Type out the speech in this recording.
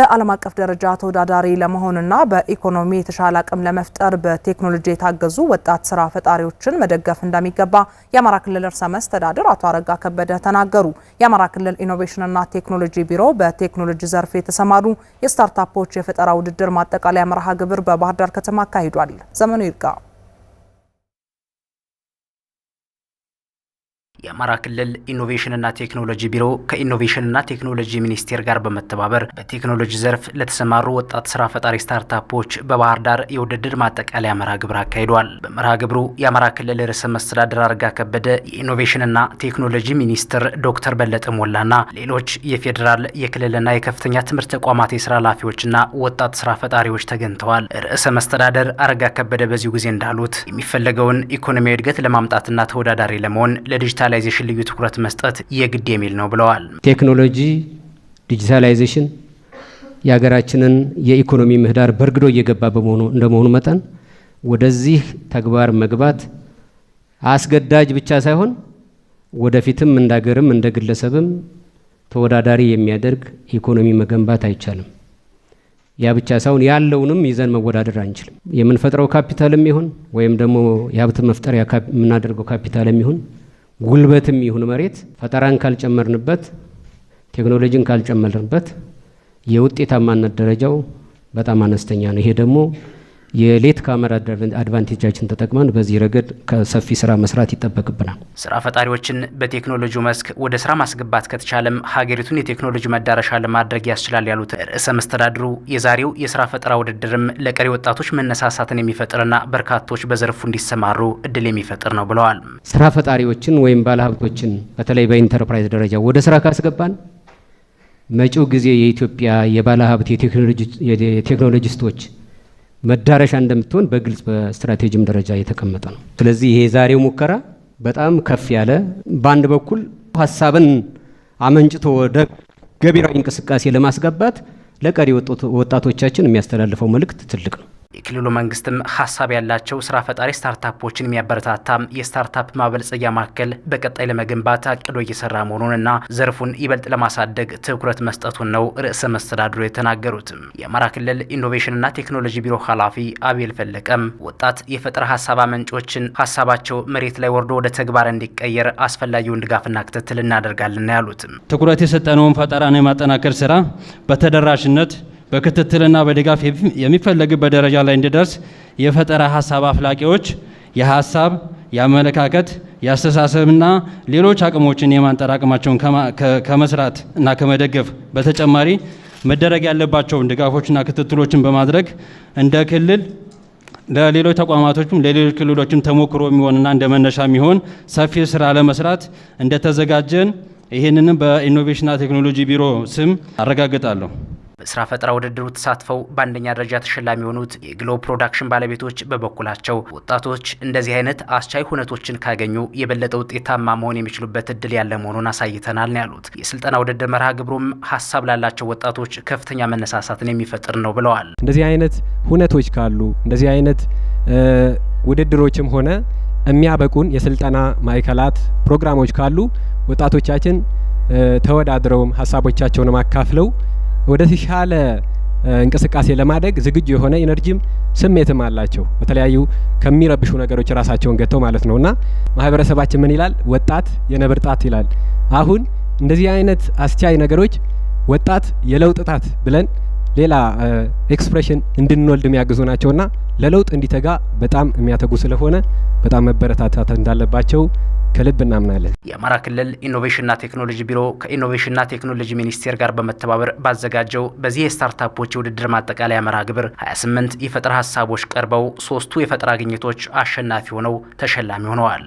በዓለም አቀፍ ደረጃ ተወዳዳሪ ለመሆንና በኢኮኖሚ የተሻለ አቅም ለመፍጠር በቴክኖሎጂ የታገዙ ወጣት ስራ ፈጣሪዎችን መደገፍ እንደሚገባ የአማራ ክልል ርዕሰ መስተዳድር አቶ አረጋ ከበደ ተናገሩ። የአማራ ክልል ኢኖቬሽንና ቴክኖሎጂ ቢሮ በቴክኖሎጂ ዘርፍ የተሰማሩ የስታርታፖች የፈጠራ ውድድር ማጠቃለያ መርሃ ግብር በባህር ዳር ከተማ አካሂዷል። ዘመኑ ይርጋ የአማራ ክልል ኢኖቬሽንና ቴክኖሎጂ ቢሮ ከኢኖቬሽንና ቴክኖሎጂ ሚኒስቴር ጋር በመተባበር በቴክኖሎጂ ዘርፍ ለተሰማሩ ወጣት ስራ ፈጣሪ ስታርታፖች በባህር ዳር የውድድር ማጠቃለያ መርሃ ግብር አካሂዷል። በመርሃ ግብሩ የአማራ ክልል ርዕሰ መስተዳደር አረጋ ከበደ፣ የኢኖቬሽንና ቴክኖሎጂ ሚኒስትር ዶክተር በለጠ ሞላና ሌሎች የፌዴራል የክልልና የከፍተኛ ትምህርት ተቋማት የስራ ኃላፊዎችና ወጣት ስራ ፈጣሪዎች ተገኝተዋል። ርዕሰ መስተዳደር አረጋ ከበደ በዚሁ ጊዜ እንዳሉት የሚፈለገውን ኢኮኖሚያዊ እድገት ለማምጣትና ተወዳዳሪ ለመሆን ለዲጂታል ዲጂታላይዜሽን ልዩ ትኩረት መስጠት የግድ የሚል ነው ብለዋል። ቴክኖሎጂ ዲጂታላይዜሽን የሀገራችንን የኢኮኖሚ ምህዳር በርግዶ እየገባ በመሆኑ እንደመሆኑ መጠን ወደዚህ ተግባር መግባት አስገዳጅ ብቻ ሳይሆን ወደፊትም እንደ ሀገርም እንደ ግለሰብም ተወዳዳሪ የሚያደርግ ኢኮኖሚ መገንባት አይቻልም። ያ ብቻ ሳይሆን ያለውንም ይዘን መወዳደር አንችልም። የምንፈጥረው ካፒታልም ይሁን ወይም ደግሞ የሀብት መፍጠሪያ የምናደርገው ካፒታልም ይሁን ጉልበትም ይሁን መሬት ፈጠራን ካልጨመርንበት፣ ቴክኖሎጂን ካልጨመርንበት የውጤታማነት ደረጃው በጣም አነስተኛ ነው። ይሄ ደግሞ የሌት ካሜራ አድቫንቴጃችን ተጠቅመን በዚህ ረገድ ከሰፊ ስራ መስራት ይጠበቅብናል። ስራ ፈጣሪዎችን በቴክኖሎጂው መስክ ወደ ስራ ማስገባት ከተቻለም ሀገሪቱን የቴክኖሎጂ መዳረሻ ለማድረግ ያስችላል ያሉት ርዕሰ መስተዳድሩ የዛሬው የስራ ፈጠራ ውድድርም ለቀሪ ወጣቶች መነሳሳትን የሚፈጥርና በርካቶች በዘርፉ እንዲሰማሩ እድል የሚፈጥር ነው ብለዋል። ስራ ፈጣሪዎችን ወይም ባለሀብቶችን በተለይ በኢንተርፕራይዝ ደረጃ ወደ ስራ ካስገባን መጪው ጊዜ የኢትዮጵያ የባለሀብት የቴክኖሎጂስቶች መዳረሻ እንደምትሆን በግልጽ በስትራቴጂም ደረጃ የተቀመጠ ነው። ስለዚህ ይሄ የዛሬው ሙከራ በጣም ከፍ ያለ በአንድ በኩል ሀሳብን አመንጭቶ ወደ ገቢራዊ እንቅስቃሴ ለማስገባት ለቀሪ ወጣቶቻችን የሚያስተላልፈው መልእክት ትልቅ ነው። የክልሉ መንግስትም ሀሳብ ያላቸው ስራ ፈጣሪ ስታርታፖችን የሚያበረታታ የስታርታፕ ማበልጸያ ማዕከል በቀጣይ ለመገንባት አቅዶ እየሰራ መሆኑንና ዘርፉን ይበልጥ ለማሳደግ ትኩረት መስጠቱን ነው ርዕሰ መስተዳድሩ የተናገሩትም። የአማራ ክልል ኢኖቬሽንና ቴክኖሎጂ ቢሮ ኃላፊ አቤል ፈለቀም ወጣት የፈጠራ ሀሳብ አመንጮችን ሀሳባቸው መሬት ላይ ወርዶ ወደ ተግባር እንዲቀየር አስፈላጊውን ድጋፍና ክትትል እናደርጋለን ያሉትም ትኩረት የሰጠነውን ፈጠራን የማጠናከር ስራ በተደራሽነት በክትትልና በድጋፍ የሚፈለግበት ደረጃ ላይ እንዲደርስ የፈጠራ ሀሳብ አፍላቂዎች የሀሳብ የአመለካከት የአስተሳሰብና ሌሎች አቅሞችን የማንጠር አቅማቸውን ከመስራት እና ከመደገፍ በተጨማሪ መደረግ ያለባቸውን ድጋፎችና ክትትሎችን በማድረግ እንደ ክልል ለሌሎች ተቋማቶችም ለሌሎች ክልሎችም ተሞክሮ የሚሆንና እንደ መነሻ የሚሆን ሰፊ ስራ ለመስራት እንደተዘጋጀን ይህንንም በኢኖቬሽንና ቴክኖሎጂ ቢሮ ስም አረጋግጣለሁ። በስራ ፈጠራ ውድድሩ ተሳትፈው በአንደኛ ደረጃ ተሸላሚ የሆኑት የግሎ ፕሮዳክሽን ባለቤቶች በበኩላቸው ወጣቶች እንደዚህ አይነት አስቻይ ሁነቶችን ካገኙ የበለጠ ውጤታማ መሆን የሚችሉበት እድል ያለ መሆኑን አሳይተናል ነው ያሉት። የስልጠና ውድድር መርሃ ግብሩም ሀሳብ ላላቸው ወጣቶች ከፍተኛ መነሳሳትን የሚፈጥር ነው ብለዋል። እንደዚህ አይነት ሁነቶች ካሉ እንደዚህ አይነት ውድድሮችም ሆነ የሚያበቁን የስልጠና ማዕከላት ፕሮግራሞች ካሉ ወጣቶቻችን ተወዳድረውም ሀሳቦቻቸውንም አካፍለው ወደ ተሻለ እንቅስቃሴ ለማደግ ዝግጁ የሆነ ኢነርጂም ስሜትም አላቸው። በተለያዩ ከሚረብሹ ነገሮች ራሳቸውን ገጥተው ማለት ነው። እና ማህበረሰባችን ምን ይላል? ወጣት የነብር ጣት ይላል። አሁን እንደዚህ አይነት አስቻይ ነገሮች ወጣት የለውጥ ጣት ብለን ሌላ ኤክስፕሬሽን እንድንወልድ የሚያግዙ ናቸውና ለለውጥ እንዲተጋ በጣም የሚያተጉ ስለሆነ በጣም መበረታታት እንዳለባቸው ከልብ እናምናለን። የአማራ ክልል ኢኖቬሽንና ቴክኖሎጂ ቢሮ ከኢኖቬሽንና ቴክኖሎጂ ሚኒስቴር ጋር በመተባበር ባዘጋጀው በዚህ የስታርታፖች የውድድር ማጠቃለያ መርሃ ግብር 28 የፈጠራ ሀሳቦች ቀርበው ሶስቱ የፈጠራ ግኝቶች አሸናፊ ሆነው ተሸላሚ ሆነዋል።